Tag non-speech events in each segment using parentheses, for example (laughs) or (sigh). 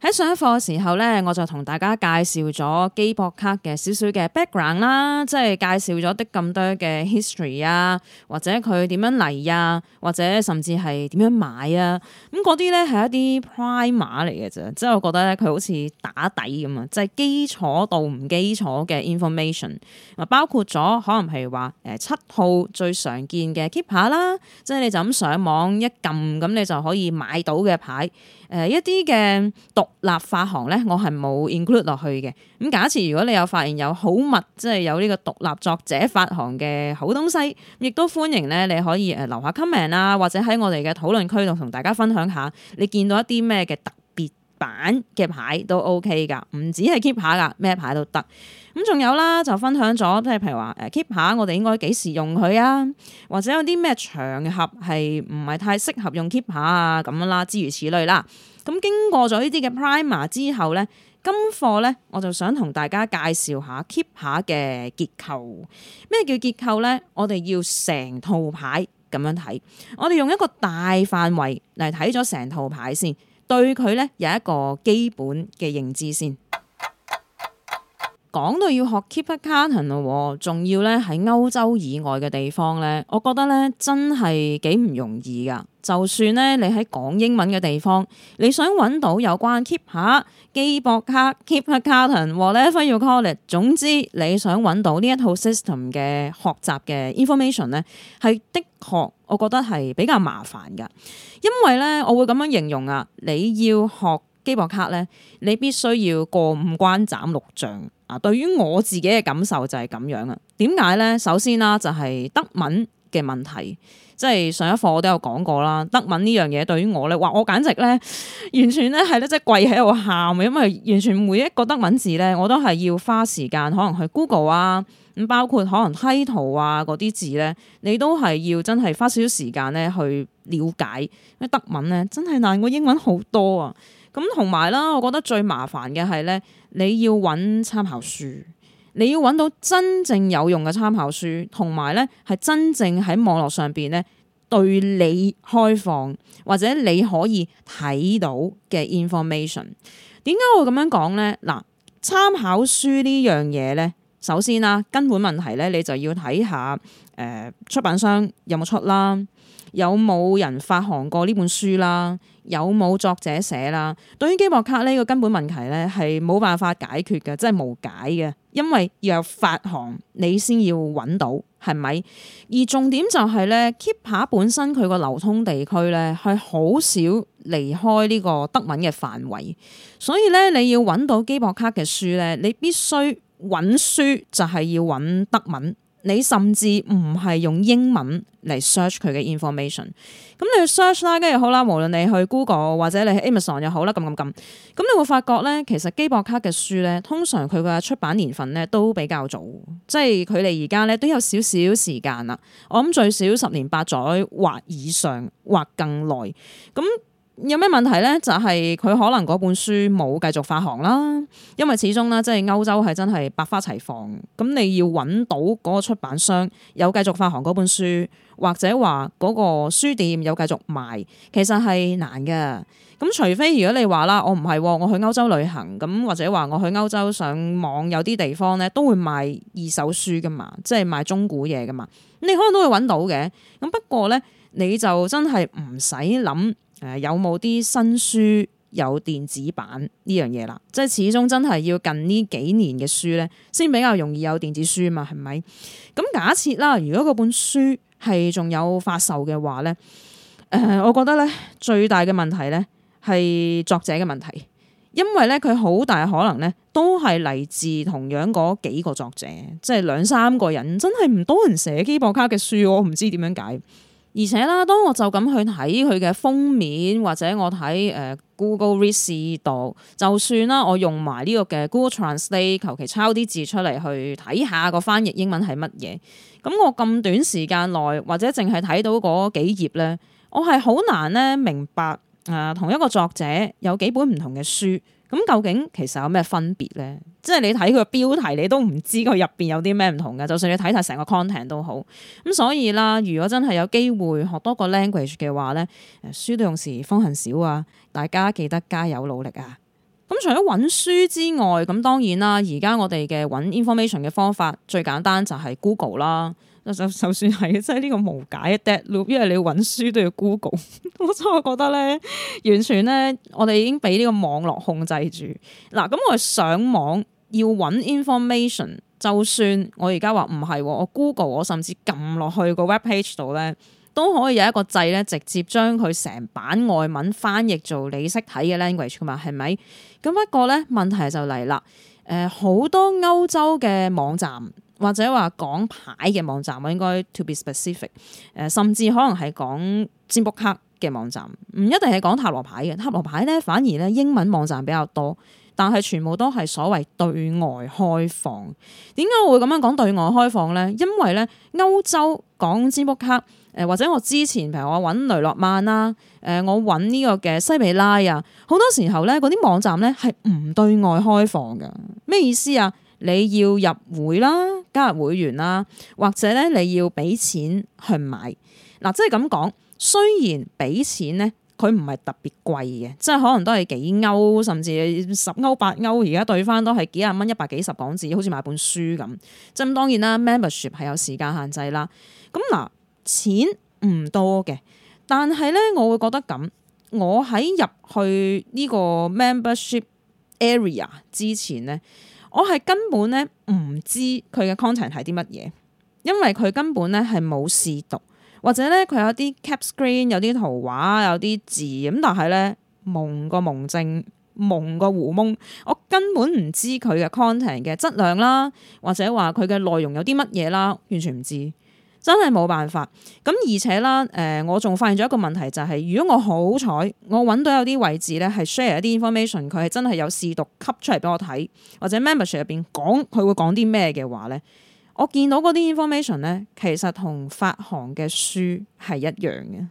喺上課嘅時候咧，我就同大家介紹咗基博卡嘅少少嘅 background 啦，即係介紹咗啲咁多嘅 history 啊，或者佢點樣嚟啊，或者甚至係點樣買啊，咁嗰啲咧係一啲 primer 嚟嘅啫，即係我覺得咧佢好似打底咁啊，即係基礎到唔基礎嘅 information，啊包括咗可能譬如話七號最常見嘅 Kipper 啦，即係你就咁上網一撳咁你就可以買到嘅牌。誒、呃、一啲嘅獨立發行咧，我係冇 include 落去嘅。咁假設如果你有發現有好物，即係有呢個獨立作者發行嘅好東西，亦都歡迎咧，你可以誒留下 comment 啦、啊，或者喺我哋嘅討論區度同大家分享下你見到一啲咩嘅特板嘅牌都 OK 噶，唔止係 keep 下噶，咩牌都得。咁仲有啦，就分享咗，即係譬如話誒 keep 下，我哋應該幾時用佢啊？或者有啲咩場合係唔係太適合用 keep 下啊？咁樣啦，之如此類啦。咁經過咗呢啲嘅 primer 之後咧，今課咧，我就想同大家介紹下 keep 下嘅結構。咩叫結構咧？我哋要成套牌咁樣睇，我哋用一個大範圍嚟睇咗成套牌先。對佢呢，有一個基本嘅認知先。講到要學 keep a carton 咯，仲要咧喺歐洲以外嘅地方咧，我覺得咧真係幾唔容易噶。就算咧你喺講英文嘅地方，你想揾到有關 keep 下 keep a cart、keep a carton whatever you call it，總之你想揾到呢一套 system 嘅學習嘅 information 咧，係的確我覺得係比較麻煩噶。因為咧，我會咁樣形容啊，你要學 keep a cart 咧，你必須要過五關斬六將。啊，對於我自己嘅感受就係咁樣啊。點解咧？首先啦，就係德文嘅問題，即係上一課我都有講過啦。德文呢樣嘢對於我咧，哇！我簡直咧，完全咧係咧，即係跪喺度喊啊！因為完全每一個德文字咧，我都係要花時間，可能去 Google 啊。咁包括可能梯圖啊嗰啲字咧，你都係要真係花少少時間咧去了解。咩德文咧真係難過英文好多啊！咁同埋啦，我覺得最麻煩嘅係咧，你要揾參考書，你要揾到真正有用嘅參考書，同埋咧係真正喺網絡上邊咧對你開放或者你可以睇到嘅 information。點解我會咁樣講咧？嗱，參考書呢樣嘢咧，首先啦，根本問題咧，你就要睇下誒出版商有冇出啦，有冇人發行過呢本書啦，有冇作者寫啦。嗯、對於機博卡呢、呢個根本問題咧，係冇辦法解決嘅，真係無解嘅。因為若發行，你先要揾到，係咪？而重點就係咧，Keep 卡本身佢個流通地區咧，係好少離開呢個德文嘅範圍，所以咧，你要揾到機博卡嘅書咧，你必須。揾書就係要揾德文，你甚至唔係用英文嚟 search 佢嘅 information。咁你去 search 啦，跟住好啦，無論你去 Google 或者你去 Amazon 又好啦，咁咁咁。咁你會發覺咧，其實基博卡嘅書咧，通常佢嘅出版年份咧都比較早，即係佢哋而家咧都有少少時間啦。我諗最少十年八載或以上或更耐咁。有咩問題咧？就係佢可能嗰本書冇繼續發行啦，因為始終咧，即係歐洲係真係百花齊放，咁你要揾到嗰個出版商有繼續發行嗰本書，或者話嗰個書店有繼續賣，其實係難嘅。咁除非如果你話啦，我唔係我去歐洲旅行，咁或者話我去歐洲上網，有啲地方咧都會賣二手書噶嘛，即係賣中古嘢噶嘛，你可能都會揾到嘅。咁不過咧，你就真係唔使諗。誒，有冇啲新書有電子版呢樣嘢啦？即係始終真係要近呢幾年嘅書呢，先比較容易有電子書嘛，係咪？咁假設啦，如果嗰本書係仲有發售嘅話呢，呃，我覺得呢最大嘅問題呢係作者嘅問題，因為呢，佢好大可能呢都係嚟自同樣嗰幾個作者，即係兩三個人，真係唔多人寫機博卡嘅書，我唔知點樣解。而且啦，當我就咁去睇佢嘅封面，或者我睇誒、呃、Google Reader 度，đó, 就算啦，我用埋呢個嘅 Google Translate，求其抄啲字出嚟去睇下個翻譯英文係乜嘢。咁我咁短時間內，或者淨係睇到嗰幾頁咧，我係好難咧明白誒、呃、同一個作者有幾本唔同嘅書。咁究竟其實有咩分別咧？即係你睇佢個標題，你都唔知佢入邊有啲咩唔同嘅。就算你睇晒成個 content 都好。咁所以啦，如果真係有機會學多個 language 嘅話咧，書到用時方恨少啊！大家記得加油努力啊！咁、嗯、除咗揾書之外，咁當然啦，而家我哋嘅揾 information 嘅方法最簡單就係 Google 啦。就就算係，即係呢個無解嘅 Dead loop，因為你要揾書都要 Google。 (laughs) 我真係覺得咧，完全咧，我哋已經俾呢個網絡控制住。嗱，咁我哋上網要揾 information，就算我而家話唔係，我 Google，我甚至撳落去個 web page 度咧，都可以有一個掣咧，直接將佢成版外文翻譯做你識睇嘅 language 噶嘛，係咪？咁不過咧，問題就嚟啦。誒、呃，好多歐洲嘅網站。或者話講牌嘅網站啊，我應該 to be specific，誒，甚至可能係講占卜卡嘅網站，唔一定係講塔羅牌嘅。塔羅牌咧，反而咧，英文網站比較多，但係全部都係所謂對外開放。點解我會咁樣講對外開放咧？因為咧，歐洲講占卜卡，誒，或者我之前譬如我揾雷諾曼啦，誒我揾呢個嘅西比拉啊，好多時候咧嗰啲網站咧係唔對外開放嘅。咩意思啊？你要入會啦，加入會員啦，或者咧你要俾錢去買嗱，即係咁講。雖然俾錢咧，佢唔係特別貴嘅，即係可能都係幾歐，甚至十歐、八歐，而家兌返都係幾廿蚊，一百幾十港紙，好似買本書咁。即係咁，當然啦，membership 係有時間限制啦。咁嗱，錢唔多嘅，但係咧，我會覺得咁，我喺入去呢個 membership area 之前咧。我係根本咧唔知佢嘅 content 係啲乜嘢，因為佢根本咧係冇試讀，或者咧佢有啲 cap screen，有啲圖畫，有啲字，咁但係咧蒙個蒙正，蒙個糊蒙，我根本唔知佢嘅 content 嘅質量啦，或者話佢嘅內容有啲乜嘢啦，完全唔知。真係冇辦法咁，而且啦，誒、呃，我仲發現咗一個問題就係，如果我好彩，我揾到有啲位置咧，係 share 一啲 information，佢係真係有試讀，吸出嚟俾我睇，或者 membership 入邊講佢會講啲咩嘅話咧，我見到嗰啲 information 咧，其實同發行嘅書係一樣嘅，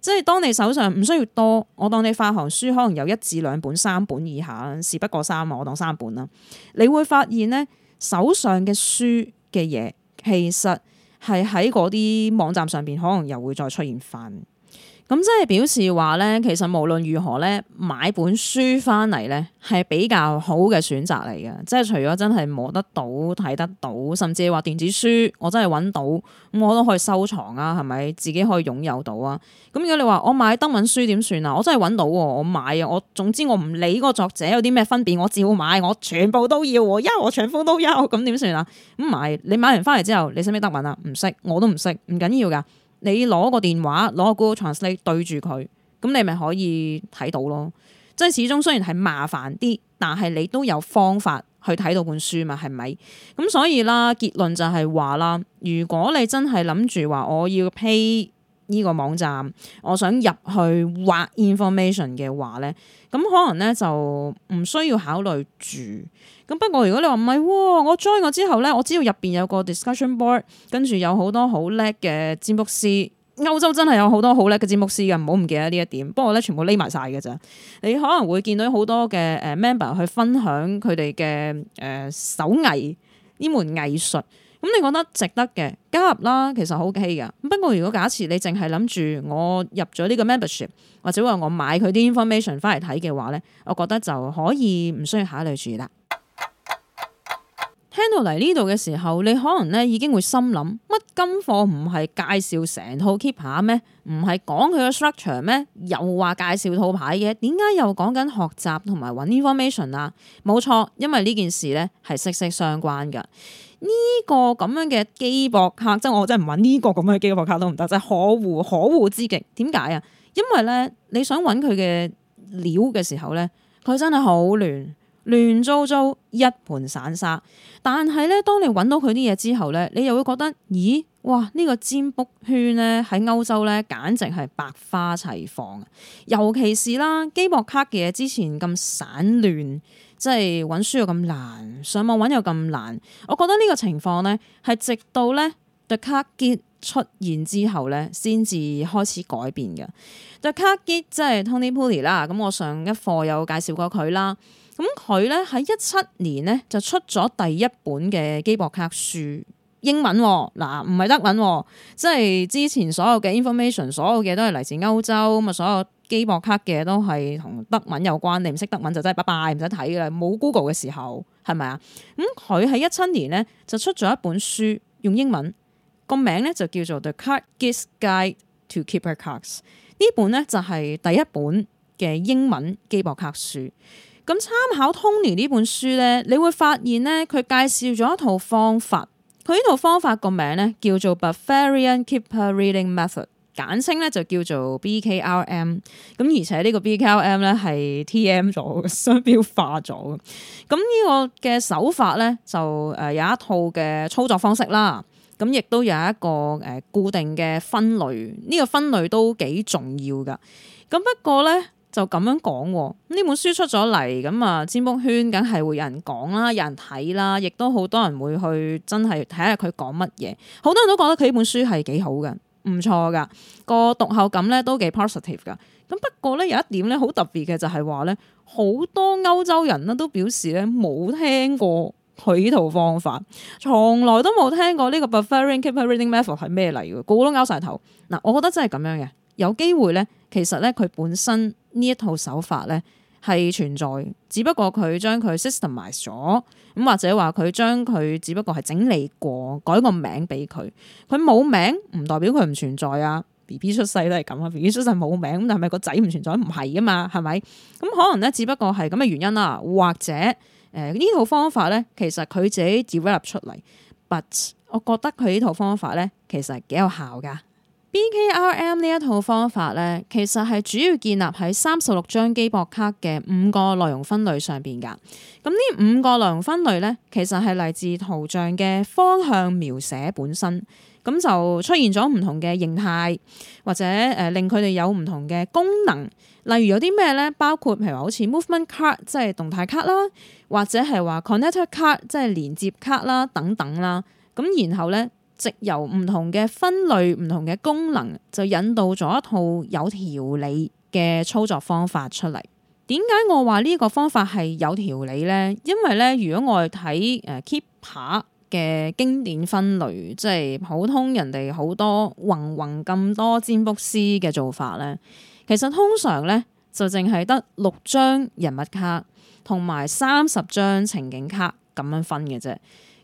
即係當你手上唔需要多，我當你發行書可能有一至兩本、三本以下，事不過三，我當三本啦，你會發現咧，手上嘅書嘅嘢其實。係喺嗰啲網站上邊，可能又會再出現翻。咁即係表示話咧，其實無論如何咧，買本書翻嚟咧係比較好嘅選擇嚟嘅。即係除咗真係摸得到、睇得到，甚至係話電子書，我真係揾到，咁我都可以收藏啊，係咪？自己可以擁有到啊？咁如果你話我買德文書點算啊？我真係揾到，我買啊！我總之我唔理個作者有啲咩分別，我照買，我全部都要，因為我全部都有。咁點算啊？咁唔係，你買完翻嚟之後，你識唔識德文啊？唔識，我都唔識，唔緊要噶。你攞個電話，攞個 Google Translate 對住佢，咁你咪可以睇到咯。即係始終雖然係麻煩啲，但係你都有方法去睇到本書嘛？係咪咁？所以啦，結論就係話啦，如果你真係諗住話，我要批。呢個網站，我想入去挖 information 嘅話咧，咁可能咧就唔需要考慮住。咁不過如果你話唔係，我 join 我之後咧，我知道入邊有個 discussion board，跟住有好多好叻嘅占卜師，歐洲真係有好多好叻嘅占卜師嘅，唔好唔記得呢一點。不過咧，全部匿埋晒嘅咋，你可能會見到好多嘅誒 member 去分享佢哋嘅誒手藝，呢門藝術。咁你覺得值得嘅加入啦，其實好 key 嘅。不過如果假設你淨係諗住我入咗呢個 membership，或者話我買佢啲 information 翻嚟睇嘅話呢我覺得就可以唔需要考慮住啦。 (noise) 聽到嚟呢度嘅時候，你可能呢已經會心諗：乜金課唔係介紹成套 keep 下咩？唔係講佢個 structure 咩？又話介紹套牌嘅，點解又講緊學習同埋揾 information 啊？冇錯，因為呢件事呢係息息相關嘅。呢個咁樣嘅機博卡即係我真係唔搵呢個咁樣嘅機博卡都唔得，真係可惡可惡之極。點解啊？因為咧，你想揾佢嘅料嘅時候咧，佢真係好亂亂糟糟一盤散沙。但係咧，當你揾到佢啲嘢之後咧，你又會覺得，咦哇！呢個占卜圈咧喺歐洲咧，簡直係百花齊放啊！尤其是啦，機博卡嘅嘢之前咁散亂。即係揾書又咁難，上網揾又咁難，我覺得呢個情況咧係直到咧特卡傑出現之後咧，先至開始改變嘅。特卡傑即係 Tony Polly 啦，咁我上一課有介紹過佢啦。咁佢咧喺一七年咧就出咗第一本嘅基博卡書，英文嗱，唔係德文，哦，即係之前所有嘅 information，所有嘅都係嚟自歐洲咁啊，所有。基博卡嘅都係同德文有關，你唔識德文就真係拜拜，唔使睇嘅啦。冇 Google 嘅時候係咪啊？咁佢喺一七年咧就出咗一本書，用英文個名咧就叫做 The Card Geek's Guide to Keeper Cards。呢本咧就係第一本嘅英文基博卡書。咁參考 Tony 呢本書咧，你會發現咧佢介紹咗一套方法。佢呢套方法個名咧叫做 Bavarian Keeper Reading Method。簡稱咧就叫做 BKRM，咁而且呢個 BKRM 咧係 TM 咗，商標化咗。咁呢個嘅手法咧就誒有一套嘅操作方式啦，咁亦都有一個誒固定嘅分類，呢個分類都幾重要噶。咁不過咧就咁樣講，呢本書出咗嚟，咁啊占卜圈梗係會有人講啦，有人睇啦，亦都好多人會去真係睇下佢講乜嘢。好多人都覺得佢呢本書係幾好嘅。唔錯噶，個讀後感咧都幾 positive 噶。咁不過咧有一點咧好特別嘅就係話咧，好多歐洲人咧都表示咧冇聽過佢呢套方法，從來都冇聽過呢個 buffering keep reading method 係咩嚟嘅，個個都拗晒頭。嗱，我覺得真係咁樣嘅，有機會咧，其實咧佢本身呢一套手法咧。係存在，只不過佢將佢 s y s t e m 埋咗，咁或者話佢將佢只不過係整理過，改個名俾佢。佢冇名唔代表佢唔存在啊。B B 出世都係咁啊，B B 出世冇名，咁但係咪個仔唔存在？唔係啊嘛，係咪？咁可能咧，只不過係咁嘅原因啦，或者誒呢、呃、套方法咧，其實佢自己 develop 出嚟，but 我覺得佢呢套方法咧，其實係幾有效噶。BKRM 呢一套方法咧，其實係主要建立喺三十六張機博卡嘅五個內容分類上邊噶。咁呢五個內容分類咧，其實係嚟自圖像嘅方向描寫本身，咁就出現咗唔同嘅形態，或者誒令佢哋有唔同嘅功能。例如有啲咩咧？包括譬如話好似 movement card，即係動態卡啦，或者係話 connector card，即係連接卡啦等等啦。咁然後咧。藉由唔同嘅分類、唔同嘅功能就引導咗一套有條理嘅操作方法出嚟。點解我話呢個方法係有條理呢？因為呢，如果我哋睇誒、呃、Keeper 嘅經典分類，即係普通人哋好多混混咁多占卜師嘅做法呢，其實通常呢，就淨係得六張人物卡同埋三十張情景卡咁樣分嘅啫。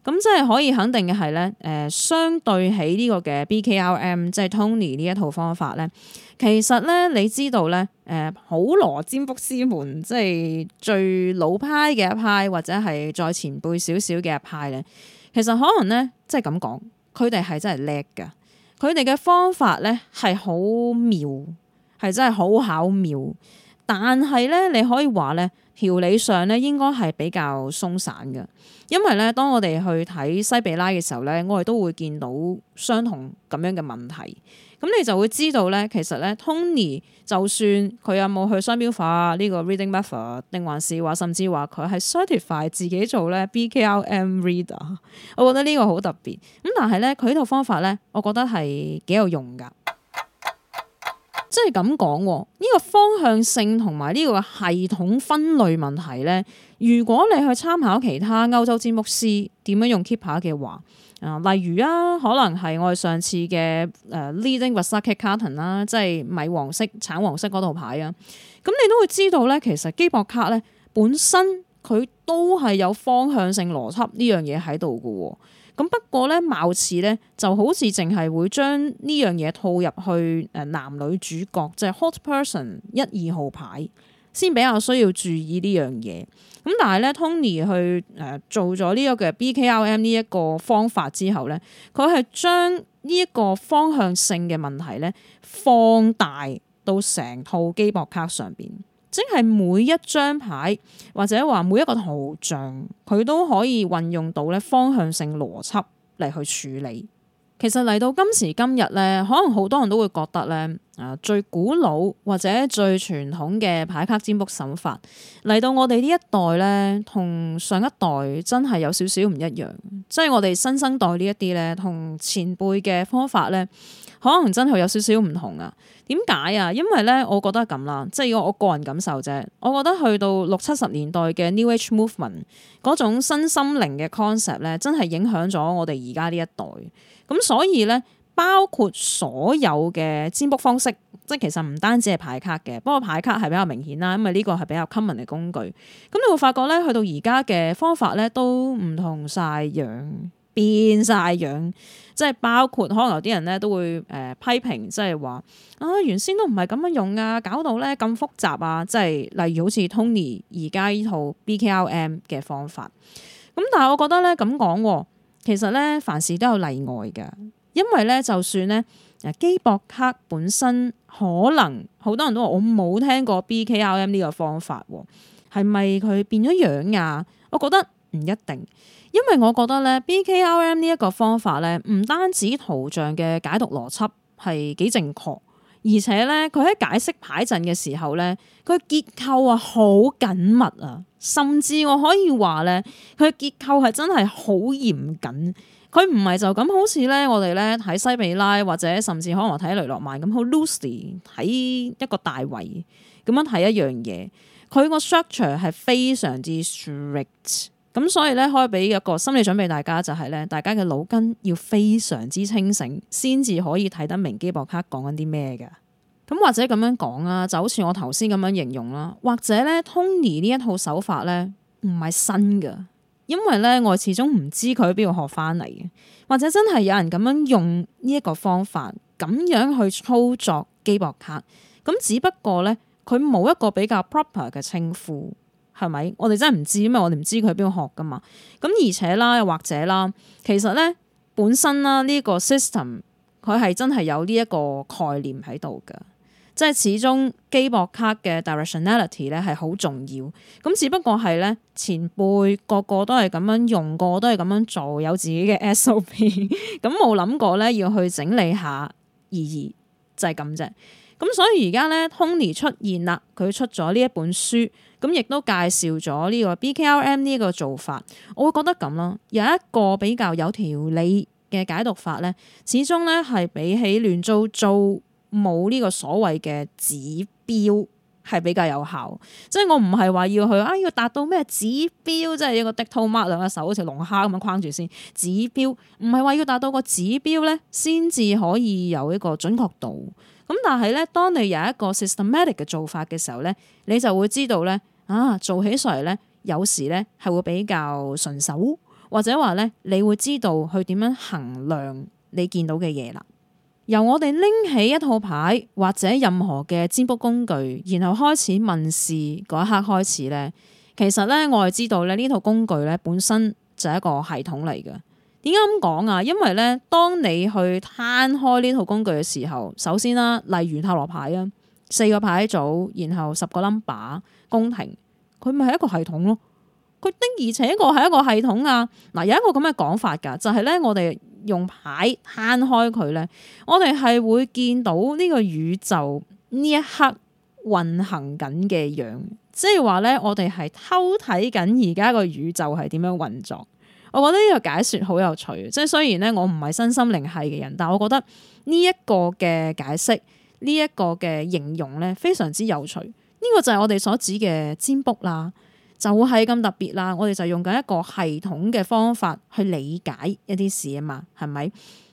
咁即係可以肯定嘅係咧，誒、呃，相對起呢個嘅 BKLM 即係 Tony 呢一套方法咧，其實咧，你知道咧，誒、呃，好羅占卜師們即係最老派嘅一派，或者係再前輩少少嘅一派咧，其實可能咧，即係咁講，佢哋係真係叻㗎，佢哋嘅方法咧係好妙，係真係好巧妙，但係咧，你可以話咧。條理上咧應該係比較鬆散嘅，因為咧當我哋去睇西比拉嘅時候咧，我哋都會見到相同咁樣嘅問題，咁你就會知道咧，其實咧 Tony 就算佢有冇去商標化呢個 reading method，定還是話甚至話佢係 certify 自己做咧 BKLM reader，我覺得呢個好特別。咁但係咧佢呢套方法咧，我覺得係幾有用㗎。即係咁講喎，呢、這個方向性同埋呢個系統分類問題呢，如果你去參考其他歐洲占卜斯點樣用 k e e p e 嘅話，啊，例如啊，可能係我哋上次嘅 leading v e r s a c e carton 啦，即係米黃色、橙黃色嗰度牌啊，咁你都會知道呢，其實機博卡呢本身佢都係有方向性邏輯呢樣嘢喺度嘅喎。咁不過咧，貌似咧就好似淨係會將呢樣嘢套入去誒男女主角即係、就是、hot person 一、二號牌先比較需要注意呢樣嘢。咁但係咧，Tony 去誒做咗呢個嘅 B K L M 呢一個方法之後咧，佢係將呢一個方向性嘅問題咧放大到成套機博卡上邊。即係每一張牌或者話每一個圖像，佢都可以運用到咧方向性邏輯嚟去處理。其實嚟到今時今日咧，可能好多人都會覺得咧，誒，最古老或者最傳統嘅牌卡占卜手法嚟到我哋呢一代咧，同上一代真係有少少唔一樣，即係我哋新生代呢一啲咧，同前輩嘅方法咧，可能真係有少少唔同啊。點解啊？因為咧，我覺得咁啦，即係我個人感受啫。我覺得去到六七十年代嘅 New Age Movement 嗰種新心靈嘅 concept 咧，真係影響咗我哋而家呢一代。咁所以咧，包括所有嘅占卜方式，即係其實唔單止係牌卡嘅，不過牌卡係比較明顯啦，因為呢個係比較 common 嘅工具。咁你會發覺咧，去到而家嘅方法咧，都唔同晒樣，變晒樣，即係包括可能有啲人咧都會誒、呃、批評，即係話啊，原先都唔係咁樣用啊，搞到咧咁複雜啊！即係例如好似 Tony 而家呢套 BKLM 嘅方法，咁但係我覺得咧咁講。其實咧，凡事都有例外㗎。因為咧，就算咧，機博克本身可能好多人都話我冇聽過 BKRM 呢個方法喎，係咪佢變咗樣呀、啊？我覺得唔一定，因為我覺得咧，BKRM 呢一個方法咧，唔單止圖像嘅解讀邏輯係幾正確。而且咧，佢喺解釋牌陣嘅時候咧，佢結構啊好緊密啊，甚至我可以話咧，佢嘅結構係真係好嚴謹。佢唔係就咁好似咧，我哋咧喺西美拉或者甚至可能睇雷諾曼咁好 loosely 喺一個大圍咁樣睇一樣嘢，佢個 structure 係非常之 strict。咁所以咧，可以俾一個心理準備，就是，大家，就係咧，大家嘅腦筋要非常之清醒，先至可以睇得明基博卡講緊啲咩㗎。咁或者咁樣講啊，就好似我頭先咁樣形容啦。或者咧，Tony 呢一套手法咧，唔係新㗎，因為咧，我始終唔知佢邊度學翻嚟嘅。或者真係有人咁樣用呢一個方法，咁樣去操作基博卡。咁只不過咧，佢冇一個比較 proper 嘅稱呼。係咪？我哋真係唔知，因為我哋唔知佢喺邊度學噶嘛。咁而且啦，又或者啦，其實咧本身啦，呢個 system 佢係真係有呢一個概念喺度嘅，即係始終機博卡嘅 directionality 咧係好重要。咁只不過係咧，前輩個個都係咁樣用過，都係咁樣做，有自己嘅 SOP，咁 (laughs) 冇諗過咧要去整理下，意義就係、而而就係咁啫。咁所以而家咧，Tony 出現啦，佢出咗呢一本書，咁亦都介紹咗呢個 b k l m 呢個做法。我會覺得咁咯，有一個比較有條理嘅解讀法咧，始終咧係比起亂糟糟冇呢個所謂嘅指標，係比較有效。即係我唔係話要去啊，要達到咩指標，即係一個 Ditto mark 兩隻手好似龍蝦咁樣框住先指標，唔係話要達到個指標咧，先至可以有一個準確度。咁但係咧，當你有一個 systematic 嘅做法嘅時候咧，你就會知道咧，啊，做起上嚟咧，有時咧係會比較順手，或者話咧，你會知道去點樣衡量你見到嘅嘢啦。由我哋拎起一套牌或者任何嘅占卜工具，然後開始問事嗰一刻開始咧，其實咧我係知道咧呢套工具咧本身就係一個系統嚟嘅。點解咁講啊？因為咧，當你去攤開呢套工具嘅時候，首先啦，例如塔羅牌啊，四個牌組，然後十個 number 宮廷，佢咪係一個系統咯。佢的而且確係一個系統啊。嗱，有一個咁嘅講法噶，就係咧，我哋用牌攤開佢咧，我哋係會見到呢個宇宙呢一刻運行緊嘅樣，即係話咧，我哋係偷睇緊而家個宇宙係點樣運作。我覺得呢個解說好有趣，即係雖然咧我唔係身心靈係嘅人，但係我覺得呢一個嘅解釋，呢、這、一個嘅形容咧非常之有趣。呢、這個就係我哋所指嘅占卜啦，就係、是、咁特別啦。我哋就用緊一個系統嘅方法去理解一啲事啊嘛，係咪？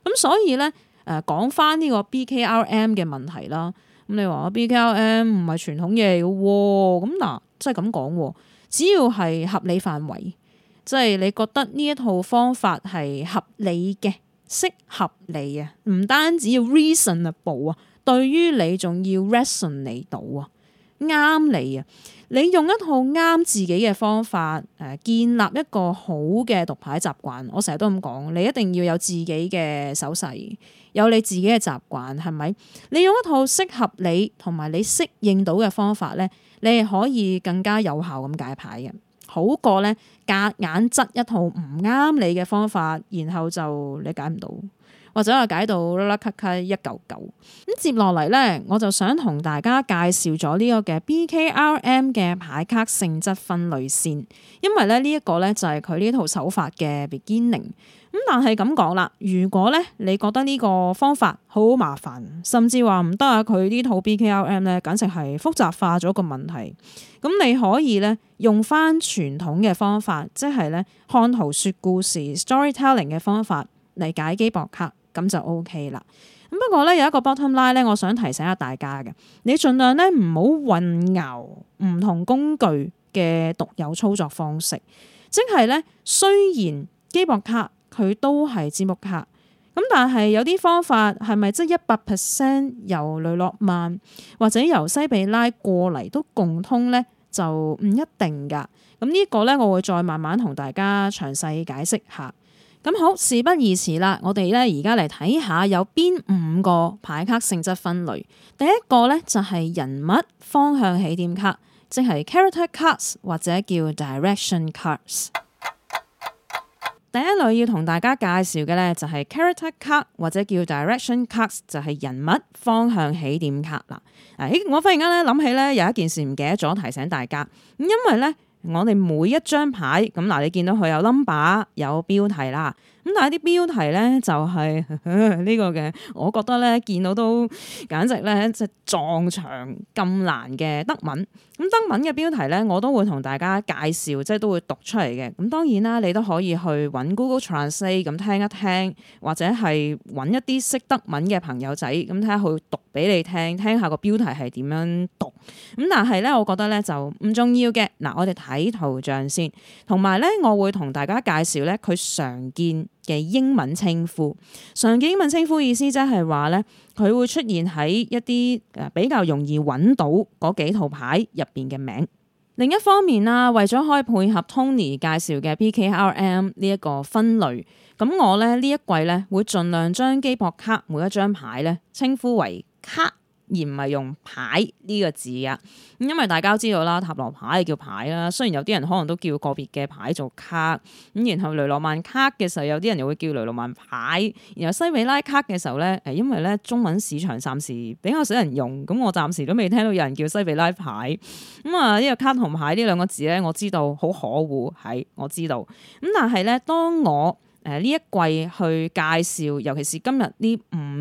咁所以咧誒，講翻呢個 B K R M 嘅問題啦。咁你話我 B K R M 唔係傳統嘢嚟嘅喎，咁嗱即係咁講，只要係合理範圍。即係你覺得呢一套方法係合理嘅，適合你啊！唔單止 reasonable, 要 reasonable 啊，對於你仲要 resonate 到啊，啱你啊！你用一套啱自己嘅方法，誒，建立一個好嘅讀牌習慣。我成日都咁講，你一定要有自己嘅手勢，有你自己嘅習慣，係咪？你用一套適合你同埋你適應到嘅方法咧，你係可以更加有效咁解牌嘅。好過咧，夾硬執一套唔啱你嘅方法，然後就理解唔到，或者我解到甩甩咳咳一嚿嚿。咁接落嚟咧，我就想同大家介紹咗呢個嘅 BKRM 嘅牌卡性質分類線，因為咧呢一個咧就係佢呢套手法嘅 beginning。咁但係咁講啦，如果咧你覺得呢個方法好麻煩，甚至話唔得啊，佢啲套 B K L M 咧簡直係複雜化咗個問題。咁你可以咧用翻傳統嘅方法，即係咧看圖說故事 （storytelling） 嘅方法嚟解機博卡，咁就 O K 啦。咁不過咧有一個 bottom line 咧，我想提醒下大家嘅，你盡量咧唔好混淆唔同工具嘅獨有操作方式，即係咧雖然機博卡。佢都係節目卡，咁但係有啲方法係咪即係一百 percent 由雷諾曼或者由西比拉過嚟都共通呢？就唔一定㗎。咁、這、呢個咧，我會再慢慢同大家詳細解釋下。咁好事不宜遲啦，我哋咧而家嚟睇下有邊五個牌卡性質分類。第一個咧就係人物方向起點卡，即係 character cards 或者叫 direction cards。第一類要同大家介紹嘅咧，就係 Character Card 或者叫 Direction Cards，就係人物方向起點卡啦。誒，我忽然間咧諗起咧有一件事唔記得咗，提醒大家。咁因為咧，我哋每一張牌咁嗱，你見到佢有 number 有標題啦。咁但係啲標題咧就係呢 (laughs) 個嘅，我覺得咧見到都簡直咧即係撞牆咁難嘅德文。咁德文嘅標題咧我都會同大家介紹，即係都會讀出嚟嘅。咁當然啦，你都可以去揾 Google Translate 咁聽一聽，或者係揾一啲識德文嘅朋友仔咁睇下佢讀俾你聽，聽下個標題係點樣讀。咁但係咧，我覺得咧就唔重要嘅。嗱，我哋睇圖像先，同埋咧我會同大家介紹咧佢常見。嘅英文稱呼，常見英文稱呼，意思即係話咧，佢會出現喺一啲誒比較容易揾到嗰幾套牌入邊嘅名。另一方面啦，為咗可以配合 Tony 介紹嘅 PKRM 呢一個分類，咁我咧呢一季咧會盡量將機博卡每一張牌咧稱呼為卡。而唔係用牌呢個字啊，咁因為大家都知道啦，塔羅牌係叫牌啦。雖然有啲人可能都叫個別嘅牌做卡，咁然後雷諾曼卡嘅時候，有啲人又會叫雷諾曼牌。然後西比拉卡嘅時候咧，誒因為咧中文市場暫時比較少人用，咁我暫時都未聽到有人叫西比拉牌。咁啊，呢個卡同牌呢兩個字咧，我知道好可惡，係我知道。咁但係咧，當我誒呢一季去介紹，尤其是今日呢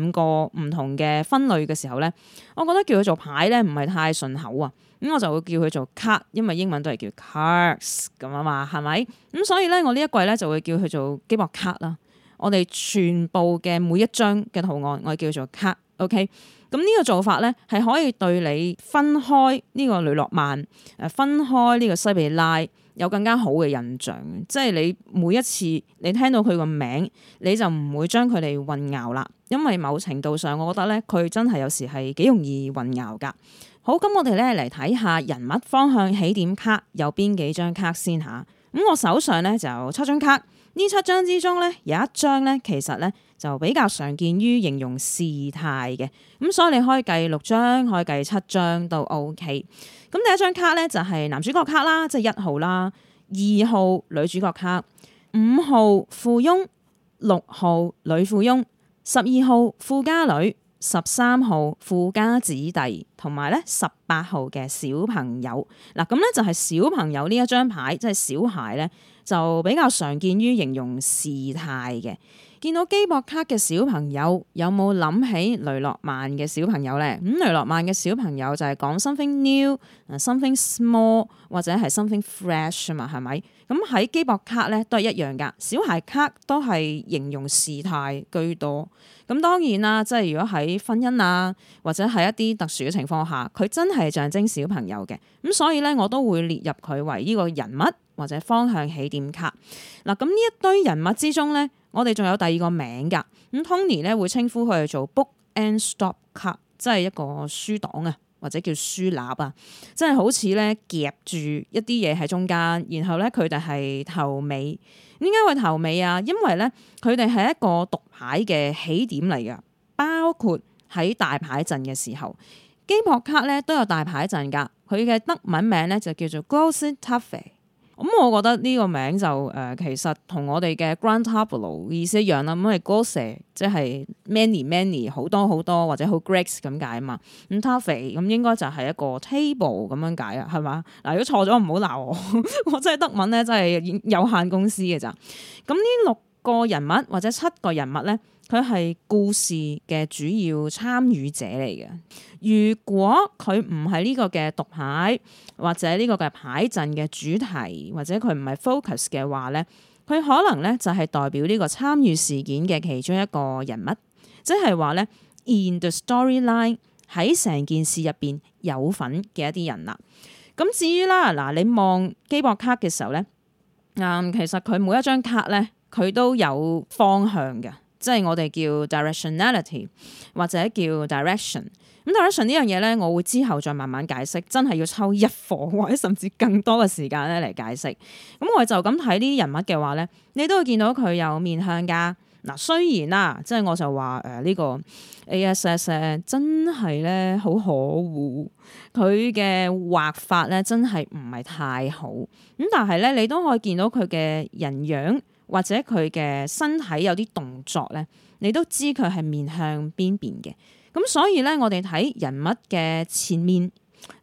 五個唔同嘅分類嘅時候咧，我覺得叫佢做牌咧唔係太順口啊，咁我就會叫佢做卡，因為英文都係叫 cards 咁啊嘛，係咪？咁所以咧，我呢一季咧就會叫佢做基博卡啦。我哋全部嘅每一張嘅圖案，我哋叫做卡，OK？咁呢個做法咧係可以對你分開呢個雷諾曼，誒分開呢個西比拉。有更加好嘅印象，即係你每一次你聽到佢個名，你就唔會將佢哋混淆啦。因為某程度上，我覺得咧，佢真係有時係幾容易混淆噶。好，咁我哋咧嚟睇下人物方向起點卡有邊幾張卡先嚇。咁，嗯，我手上咧就有七張卡，呢七張之中咧有一張咧其實咧。就比較常見於形容事態嘅，咁所以你可以計六張，可以計七張都 OK。咁第一張卡咧就係男主角卡啦，即係，一號啦，二號女主角卡，五號富翁，六號女富翁，十二號富家女，十三號富家子弟，同埋咧十八號嘅小朋友。嗱，咁咧就係小朋友呢一張牌，即係小孩咧，就比較常見於形容事態嘅。見到基博卡嘅小朋友有冇諗起雷諾曼嘅小朋友咧？咁、嗯、雷諾曼嘅小朋友就係講 something new、something small 或者係 something fresh 啊嘛，係、嗯、咪？咁喺基博卡咧都係一樣噶小孩卡都係形容事態居多。咁、嗯、當然啦，即係如果喺婚姻啊或者係一啲特殊嘅情況下，佢真係象徵小朋友嘅。咁、嗯、所以咧，我都會列入佢為呢個人物或者方向起點卡。嗱、嗯，咁、嗯、呢一堆人物之中咧，我哋仲有第二個名㗎，咁 Tony 咧會稱呼佢做 book and stop card，即係一個書擋啊，或者叫書立啊，真係好似咧夾住一啲嘢喺中間，然後咧佢哋係頭尾。點解會頭尾啊？因為咧佢哋係一個讀牌嘅起點嚟㗎，包括喺大牌陣嘅時候，機博卡咧都有大牌陣㗎。佢嘅德文名咧就叫做 Große Tafel。咁、嗯、我覺得呢個名就誒、呃、其實同我哋嘅 Grand Table 意思一樣啦，咁係多蛇即係 many many 好多好多或者好 great 咁解啊嘛，咁他肥咁應該就係一個 table 咁樣解啊，係嘛？嗱，如果錯咗唔好鬧我， (laughs) 我真係德文咧真係有限公司嘅咋？咁呢六個人物或者七個人物咧？佢係故事嘅主要參與者嚟嘅。如果佢唔係呢個嘅獨牌或者呢個嘅牌陣嘅主題，或者佢唔係 focus 嘅話咧，佢可能咧就係代表呢個參與事件嘅其中一個人物，即係話咧 in the storyline 喺成件事入邊有份嘅一啲人啦。咁至於啦嗱，你望機博卡嘅時候咧，嗱其實佢每一張卡咧，佢都有方向嘅。即係我哋叫 directionality 或者叫 direction，咁 direction 呢樣嘢咧，我會之後再慢慢解釋，真係要抽一課或者甚至更多嘅時間咧嚟解釋。咁我哋就咁睇呢啲人物嘅話咧，你都會見到佢有面向㗎。嗱，雖然啦、啊，即係我就話誒呢個 ASS 真係咧好可惡，佢嘅畫法咧真係唔係太好。咁但係咧，你都可以見到佢嘅人樣。或者佢嘅身體有啲動作咧，你都知佢係面向邊邊嘅。咁所以咧，我哋睇人物嘅前面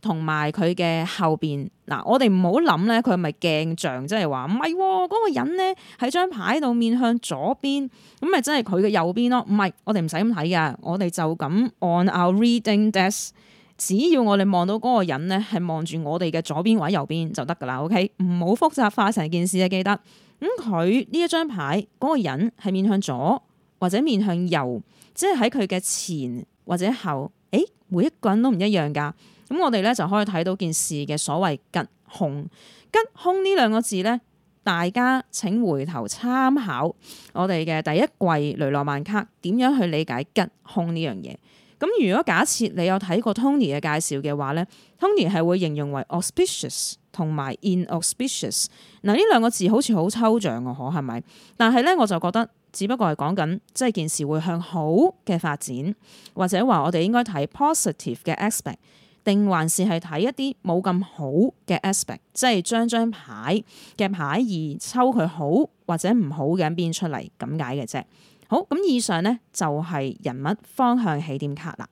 同埋佢嘅後邊。嗱，我哋唔好諗咧，佢係咪鏡像，即係話唔係嗰個人咧喺張牌度面向左邊，咁咪真係佢嘅右邊咯。唔係，我哋唔使咁睇嘅，我哋就咁 on our reading desk，只要我哋望到嗰個人咧係望住我哋嘅左邊或者右邊就得噶啦。OK，唔好複雜化成件事啊，記得。咁佢呢一張牌嗰個人係面向左或者面向右，即係喺佢嘅前或者後。誒，每一個人都唔一樣噶。咁我哋咧就可以睇到件事嘅所謂吉凶。吉凶呢兩個字咧，大家請回頭參考我哋嘅第一季雷諾曼卡點樣去理解吉凶呢樣嘢。咁如果假設你有睇過 Tony 嘅介紹嘅話咧，Tony 係會形容為 auspicious 同埋 inauspicious。嗱呢兩個字好似好抽象㗎，可係咪？但係咧，我就覺得只不過係講緊即係件事會向好嘅發展，或者話我哋應該睇 positive 嘅 aspect，定還是係睇一啲冇咁好嘅 aspect，即係將張牌嘅牌而抽佢好或者唔好嘅一邊出嚟咁解嘅啫。好，咁以上咧就係人物方向起點卡啦。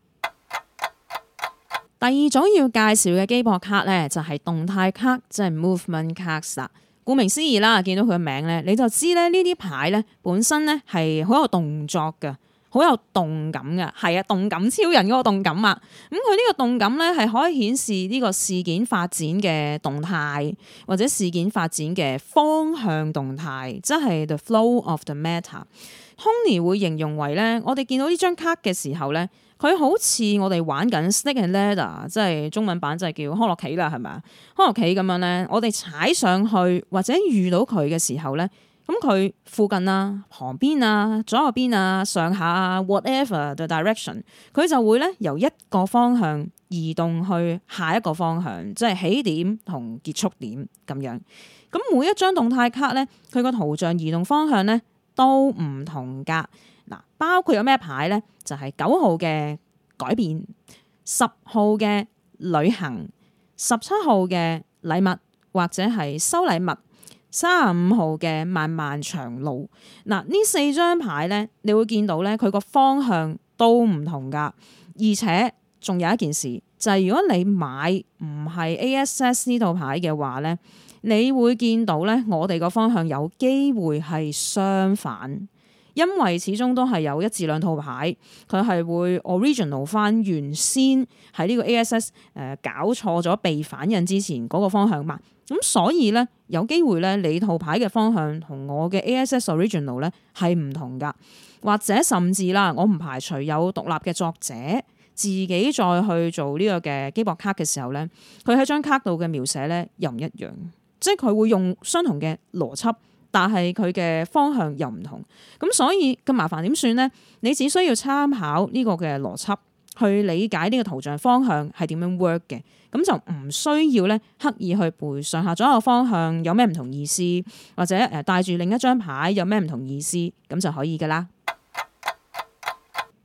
第二種要介紹嘅機博卡咧，就係動態卡，即係 movement 卡啦。顧名思義啦，見到佢嘅名咧，你就知咧，呢啲牌咧本身咧係好有動作嘅，好有動感嘅。係啊，動感超人嗰個動感啊！咁佢呢個動感咧係可以顯示呢個事件發展嘅動態，或者事件發展嘅方向動態，即係 the flow of the matter。Honey 會形容為咧，我哋見到呢張卡嘅時候咧，佢好似我哋玩緊 Stick and Ladder，即係中文版就係叫康樂棋啦，係咪啊？康樂棋咁樣咧，我哋踩上去或者遇到佢嘅時候咧，咁佢附近啊、旁邊啊、左右邊啊、上下啊，whatever the direction，佢就會咧由一個方向移動去下一個方向，即係起點同結束點咁樣。咁每一張動態卡咧，佢個圖像移動方向咧。都唔同噶，嗱，包括有咩牌呢？就係九號嘅改變，十號嘅旅行，十七號嘅禮物或者係收禮物，三十五號嘅漫漫長路。嗱，呢四張牌呢，你會見到呢，佢個方向都唔同噶，而且仲有一件事，就係、是、如果你買唔係 ASS 呢套牌嘅話呢。你會見到咧，我哋個方向有機會係相反，因為始終都係有一至兩套牌，佢係會 original 翻原先喺呢個 A.S.S. 誒搞錯咗被反印之前嗰個方向嘛。咁所以咧有機會咧，你套牌嘅方向同我嘅 A.S.S. original 咧係唔同㗎，或者甚至啦，我唔排除有獨立嘅作者自己再去做呢個嘅機博卡嘅時候咧，佢喺張卡度嘅描寫咧又唔一樣。即係佢會用相同嘅邏輯，但係佢嘅方向又唔同，咁所以咁麻煩點算呢？你只需要參考呢個嘅邏輯去理解呢個圖像方向係點樣 work 嘅，咁就唔需要咧刻意去背上下左右方向有咩唔同意思，或者誒帶住另一張牌有咩唔同意思，咁就可以噶啦。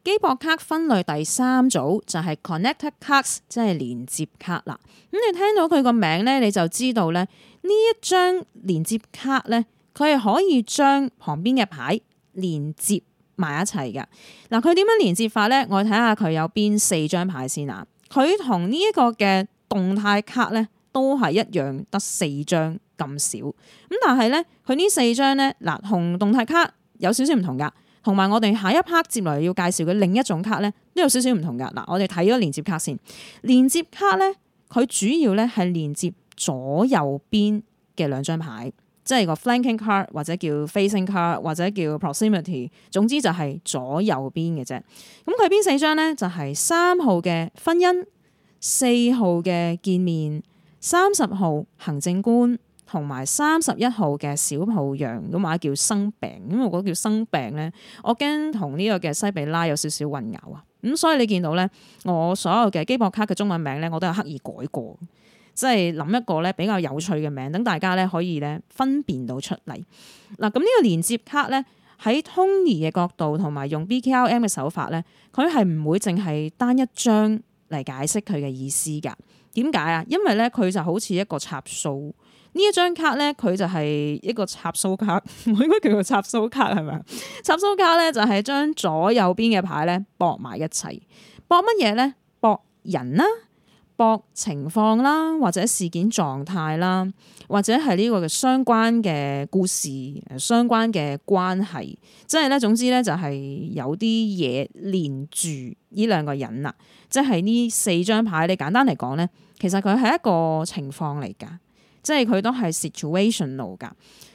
機博卡分類第三組就係、是、connected cards，即係連接卡啦。咁你聽到佢個名咧，你就知道咧。呢一張連接卡咧，佢係可以將旁邊嘅牌連接埋一齊㗎。嗱，佢點樣連接法咧？我睇下佢有邊四張牌先啊！佢同呢一個嘅動態卡咧，都係一樣，得四張咁少。咁但係咧，佢呢四張咧，嗱，同動態卡有少少唔同㗎。同埋我哋下一 part 接來要介紹嘅另一種卡咧，都有少少唔同㗎。嗱，我哋睇咗連接卡先，連接卡咧，佢主要咧係連接。左右邊嘅兩張牌，即係個 flanking card 或者叫 facing card 或者叫 proximity，總之就係左右邊嘅啫。咁佢邊四張呢？就係三號嘅婚姻，四號嘅見面，三十號行政官，同埋三十一號嘅小兔羊。咁啊叫生病，咁我覺得叫生病呢，我驚同呢個嘅西比拉有少少混淆啊。咁所以你見到呢，我所有嘅基博卡嘅中文名呢，我都有刻意改過。即係諗一個咧，比較有趣嘅名，等大家咧可以咧分辨到出嚟。嗱，咁呢個連接卡咧，喺 Tony 嘅角度同埋用 BKLM 嘅手法咧，佢係唔會淨係單一張嚟解釋佢嘅意思噶點解啊？因為咧佢就好似一個插數呢一張卡咧，佢就係一個插數卡， (laughs) 應該叫做插數卡係咪？插數卡咧就係將左右邊嘅牌咧駁埋一齊，駁乜嘢咧？駁人啦、啊。情況啦，或者事件狀態啦，或者係呢個嘅相關嘅故事，相關嘅關係，即係咧，總之咧就係有啲嘢連住呢兩個人啦，即係呢四張牌，你簡單嚟講咧，其實佢係一個情況嚟噶，即係佢都係 situational 噶。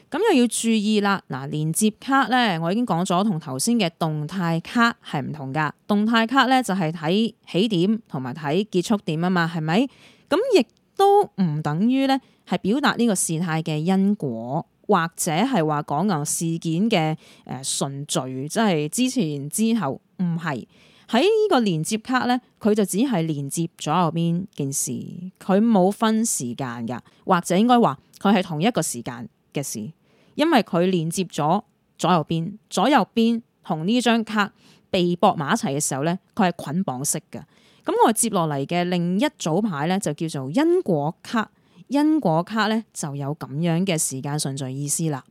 咁又要注意啦，嗱，連接卡咧，我已經講咗同頭先嘅動態卡係唔同噶。動態卡咧就係睇起點同埋睇結束點啊嘛，係咪？咁亦都唔等於咧係表達呢個事態嘅因果，或者係話講啊事件嘅誒順序，即係之前之後唔係喺呢個連接卡咧，佢就只係連接咗後邊件事，佢冇分時間噶，或者應該話佢係同一個時間。嘅因為佢連接咗左右邊，左右邊同呢張卡被駁埋一齊嘅時候呢，佢係捆綁式嘅。咁我接落嚟嘅另一組牌呢，就叫做因果卡。因果卡呢，就有咁樣嘅時間順序意思啦。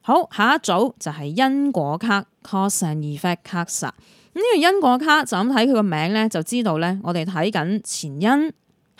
好，下一組就係因果卡 （cause and effect cards）。咁、這、呢個因果卡就咁睇佢個名呢就知道呢，我哋睇緊前因。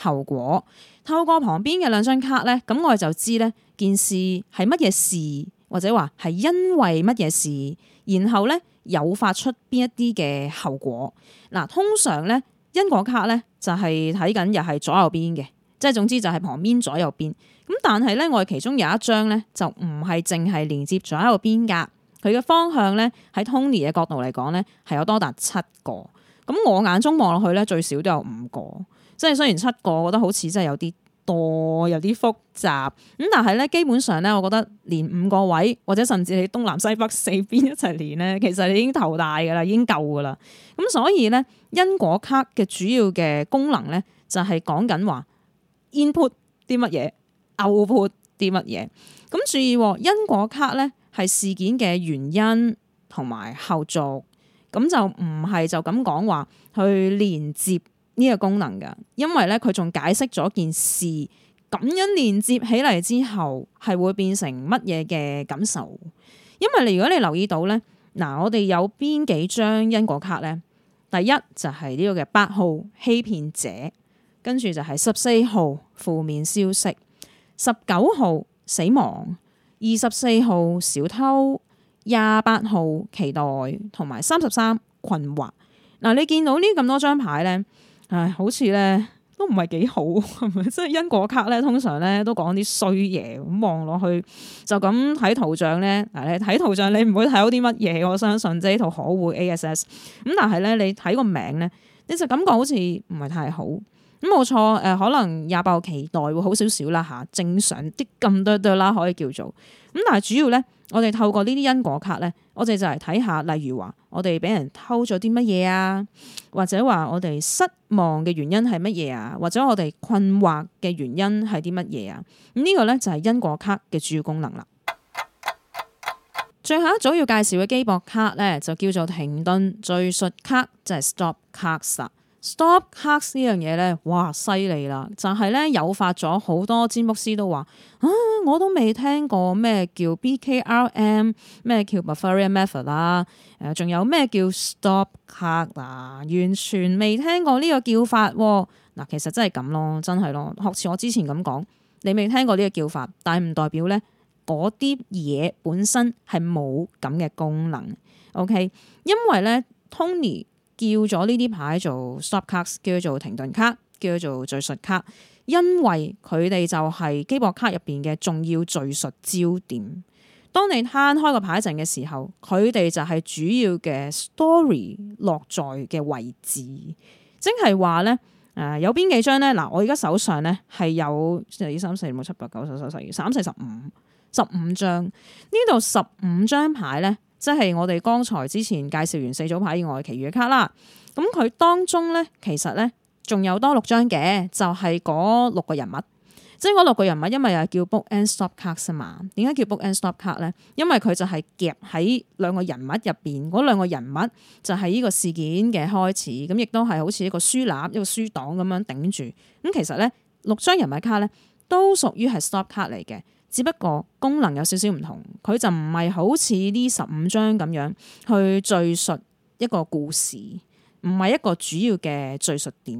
後果透過旁邊嘅兩張卡咧，咁我哋就知咧件事係乜嘢事，或者話係因為乜嘢事，然後咧誘發出邊一啲嘅後果。嗱，通常咧因果卡咧就係睇緊又係左右邊嘅，即係總之就係旁邊左右邊。咁但係咧，我哋其中有一張咧就唔係淨係連接左右邊㗎，佢嘅方向咧喺 Tony 嘅角度嚟講咧係有多達七個。咁我眼中望落去咧最少都有五個。即係雖然七個，我覺得好似真係有啲多，有啲複雜。咁但係咧，基本上咧，我覺得連五個位，或者甚至你東南西北四邊一齊連咧，其實你已經頭大噶啦，已經夠噶啦。咁所以咧，因果卡嘅主要嘅功能咧，就係講緊話 input 啲乜嘢，output 啲乜嘢。咁注意，因果卡咧係事件嘅原因同埋後續，咁就唔係就咁講話去連接。呢個功能噶，因為咧佢仲解釋咗件事，咁樣連接起嚟之後，係會變成乜嘢嘅感受？因為你如果你留意到咧，嗱，我哋有邊幾張因果卡咧？第一就係呢個嘅八號欺騙者，跟住就係十四號負面消息，十九號死亡，二十四號小偷，廿八號期待，同埋三十三困惑。嗱，你見到呢咁多張牌咧？唉、 (noise) 哎，好似咧都唔係幾好，咁即係因果卡咧，通常咧都講啲衰嘢。咁望落去就咁睇圖像咧，嗱，你睇圖像你唔會睇到啲乜嘢，我相信即係呢套可惡 A S S，咁但係咧你睇個名咧，你就感覺好似唔係太好，咁冇錯，誒可能廿八期待會好少少啦吓，正常啲咁多多啦可以叫做，咁但係主要咧。我哋透過呢啲因果卡咧，我哋就嚟睇下，例如話我哋俾人偷咗啲乜嘢啊，或者話我哋失望嘅原因係乜嘢啊，或者我哋困惑嘅原因係啲乜嘢啊？咁、這、呢個咧就係因果卡嘅主要功能啦。最後一組要介紹嘅基博卡咧，就叫做停頓敘述卡就，即係 stop 卡實。Stop hacks 呢樣嘢咧，哇，犀利啦！就係咧，誘發咗好多占卜師都話：啊，我都未聽過咩叫 BKRM，咩叫 Mafia Method 啊，誒，仲有咩叫 Stop Hack 嗱，啊，完全未聽過呢個叫法喎。嗱，其實真係咁咯，真係咯。學似我之前咁講，你未聽過呢個叫法，但係唔代表咧嗰啲嘢本身係冇咁嘅功能。OK，因為咧 Tony。叫咗呢啲牌做 stop cards，叫做停頓卡，叫做敘述卡，因為佢哋就係基博卡入邊嘅重要敘述焦點。當你攤開個牌陣嘅時候，佢哋就係主要嘅 story 落在嘅位置，即係話呢，誒有邊幾張呢？嗱，我而家手上呢係有二三四五七八九十十一十二三四十五十五張，呢度十五張牌呢。即係我哋剛才之前介紹完四組牌以外其餘嘅卡啦，咁佢當中咧，其實咧仲有多六張嘅，就係嗰六個人物。即係嗰六個人物，因為又係叫 book and stop 卡啊嘛。點解叫 book and stop 卡咧？因為佢就係夾喺兩個人物入邊，嗰兩個人物就係呢個事件嘅開始。咁亦都係好似一個書立一個書擋咁樣頂住。咁其實咧，六張人物卡咧都屬於係 stop 卡嚟嘅。只不過功能有少少唔同，佢就唔係好似呢十五張咁樣去敘述一個故事，唔係一個主要嘅敘述點。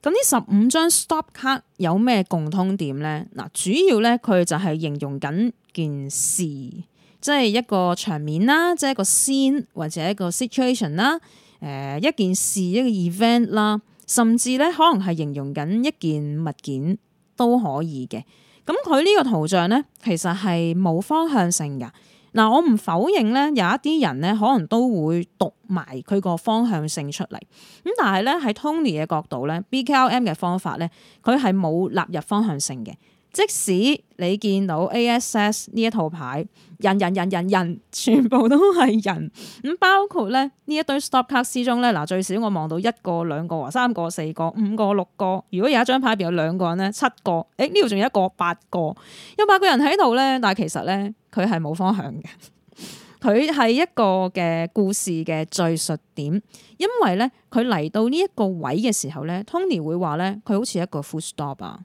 咁呢十五張 stop 卡有咩共通點呢？嗱，主要呢，佢就係形容緊件事，即係一個場面啦，即係一個 scene 或者一個 situation 啦、呃，誒一件事一個 event 啦，甚至呢，可能係形容緊一件物件都可以嘅。咁佢呢個圖像咧，其實係冇方向性嘅。嗱，我唔否認咧，有一啲人咧可能都會讀埋佢個方向性出嚟。咁但係咧，喺 Tony 嘅角度咧，BKLM 嘅方法咧，佢係冇納入方向性嘅。即使你見到 ASS 呢一套牌。人人人人人，全部都係人。咁包括咧呢一堆 stop 卡之中咧，嗱，最少我望到一個、兩個、三個、四個、五個、六個。如果有一張牌入邊有兩個人咧，七個。誒呢度仲有一個，八個，有八個人喺度咧。但係其實咧，佢係冇方向嘅。佢係一個嘅故事嘅敘述點，因為咧佢嚟到呢一個位嘅時候咧，Tony 會話咧，佢好似一個 full stop 啊。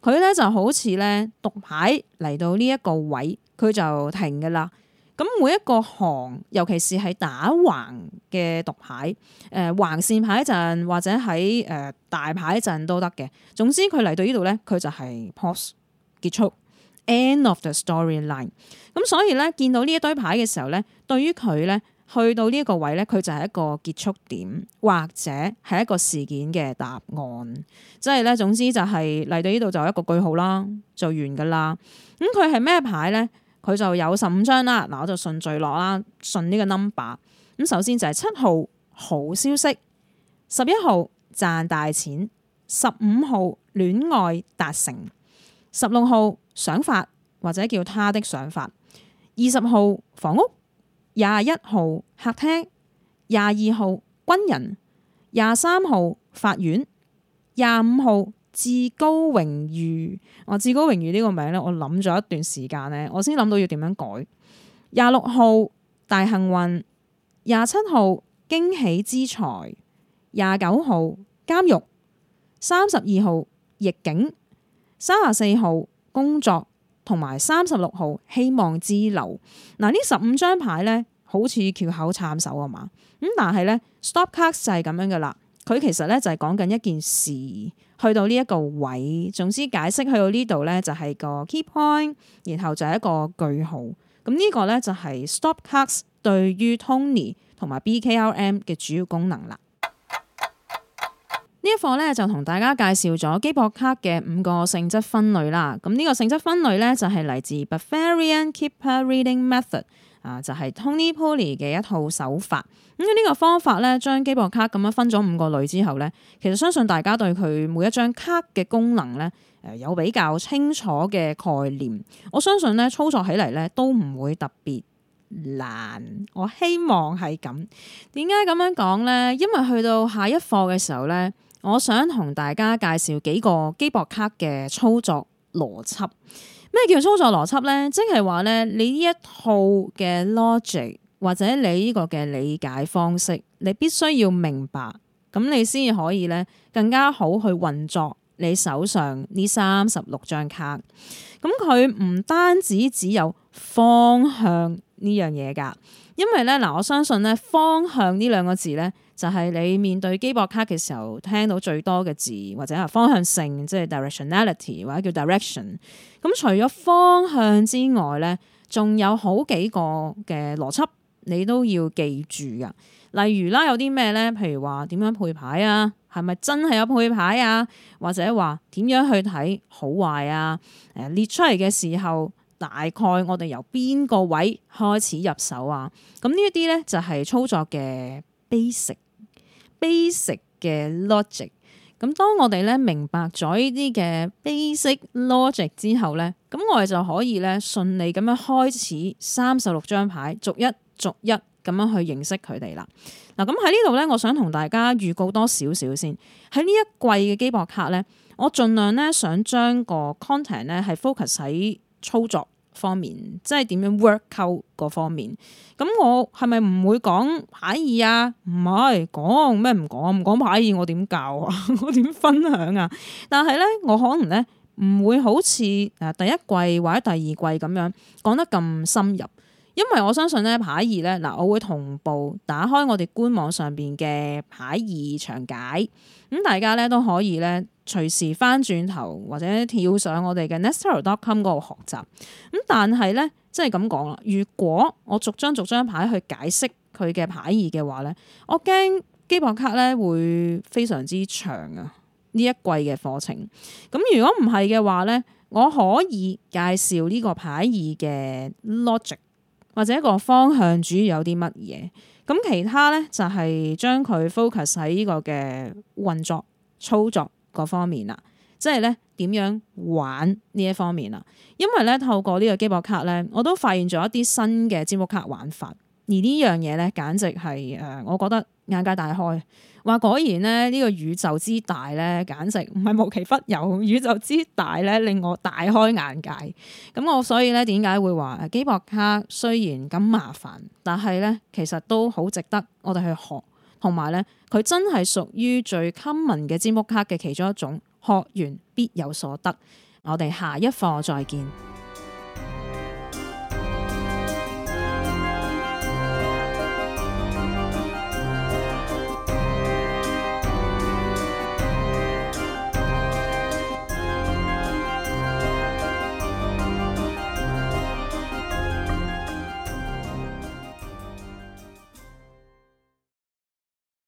佢咧就好似咧讀牌嚟到呢一個位。佢就停㗎啦。咁每一個行，尤其是係打橫嘅獨牌，誒、呃、橫線牌陣或者喺誒、呃、大牌陣都得嘅。總之佢嚟到呢度咧，佢就係 post 結束，end of the storyline。咁、嗯、所以咧，見到呢一堆牌嘅時候咧，對於佢咧，去到呢一個位咧，佢就係一個結束點，或者係一個事件嘅答案。即係咧，總之就係、是、嚟到呢度就一個句號啦，就完噶啦。咁佢係咩牌咧？佢就有十五張啦，嗱，我就順序攞啦，順呢個 number。咁首先就係七號好消息，十一號賺大錢，十五號戀愛達成，十六號想法或者叫他的想法，二十號房屋，廿一號客廳，廿二號軍人，廿三號法院，廿五號。至高榮譽，我至高榮譽呢個名咧，我諗咗一段時間咧，我先諗到要點樣改。廿六號大幸運，廿七號驚喜之財，廿九號監獄，三十二號逆境，三十四號工作同埋三十六號希望之流。嗱呢十五張牌咧，好似橋口攢手啊嘛，咁但係咧 stop card 就係咁樣噶啦。佢其實咧就係講緊一件事，去到呢一個位，總之解釋去到呢度咧就係個 key point，然後就係一個句號。咁、這、呢個咧就係 Stop Cards 對於 Tony 同埋 BKRM 嘅主要功能啦。呢一課咧就同大家介紹咗基博卡嘅五個性質分類啦。咁、這、呢個性質分類咧就係嚟自 Bavarian Keeper Reading Method。啊，就係 Tony Polly 嘅一套手法。咁、這、呢個方法咧，將機博卡咁樣分咗五個類之後咧，其實相信大家對佢每一張卡嘅功能咧，誒有比較清楚嘅概念。我相信咧，操作起嚟咧都唔會特別難。我希望係咁。點解咁樣講咧？因為去到下一課嘅時候咧，我想同大家介紹幾個機博卡嘅操作邏輯。咩叫操作邏輯呢？即係話咧，你呢一套嘅 logic 或者你呢個嘅理解方式，你必須要明白，咁你先可以咧更加好去運作你手上呢三十六張卡。咁佢唔單止只有方向。呢樣嘢㗎，因為咧嗱，我相信咧方向呢兩個字咧，就係你面對機博卡嘅時候聽到最多嘅字，或者係方向性，即係 directionality 或者叫 direction。咁除咗方向之外咧，仲有好幾個嘅邏輯你都要記住噶。例如啦，有啲咩咧？譬如話點樣配牌啊？係咪真係有配牌啊？或者話點樣去睇好壞啊？誒列出嚟嘅時候。大概我哋由邊個位開始入手啊？咁呢一啲咧就係操作嘅 basic basic 嘅 logic。咁當我哋咧明白咗呢啲嘅 basic logic 之後咧，咁我哋就可以咧順利咁樣開始三十六張牌，逐一逐一咁樣去認識佢哋啦。嗱，咁喺呢度咧，我想同大家預告多少少先。喺呢一季嘅基博卡咧，我盡量咧想將個 content 咧係 focus 喺操作方面，即係點樣 work out 嗰方面，咁我係咪唔會講牌意啊？唔係講咩唔講，唔講牌意我點教啊？ (laughs) 我點分享啊？但係咧，我可能咧唔會好似誒第一季或者第二季咁樣講得咁深入。因為我相信咧牌二咧嗱，我會同步打開我哋官網上邊嘅牌二詳解，咁大家咧都可以咧隨時翻轉頭或者跳上我哋嘅 nestle.com 嗰度學習。咁但係咧，即係咁講啦，如果我逐張逐張牌去解釋佢嘅牌二嘅話咧，我驚機博卡咧會非常之長啊！呢一季嘅課程咁，如果唔係嘅話咧，我可以介紹呢個牌二嘅 logic。或者個方向主要有啲乜嘢？咁其他咧就係、是、將佢 focus 喺呢個嘅運作操作嗰方面啦，即係咧點樣玩呢一方面啦。因為咧透過呢個機博卡咧，我都發現咗一啲新嘅占卜卡玩法，而呢樣嘢咧，簡直係誒，我覺得眼界大開。話果然呢，呢個宇宙之大呢，簡直唔係無奇不有，宇宙之大呢，令我大開眼界。咁我所以呢，點解會話基博卡雖然咁麻煩，但係呢，其實都好值得我哋去學，同埋呢，佢真係屬於最 common 嘅占卜卡嘅其中一種，學完必有所得。我哋下一課再見。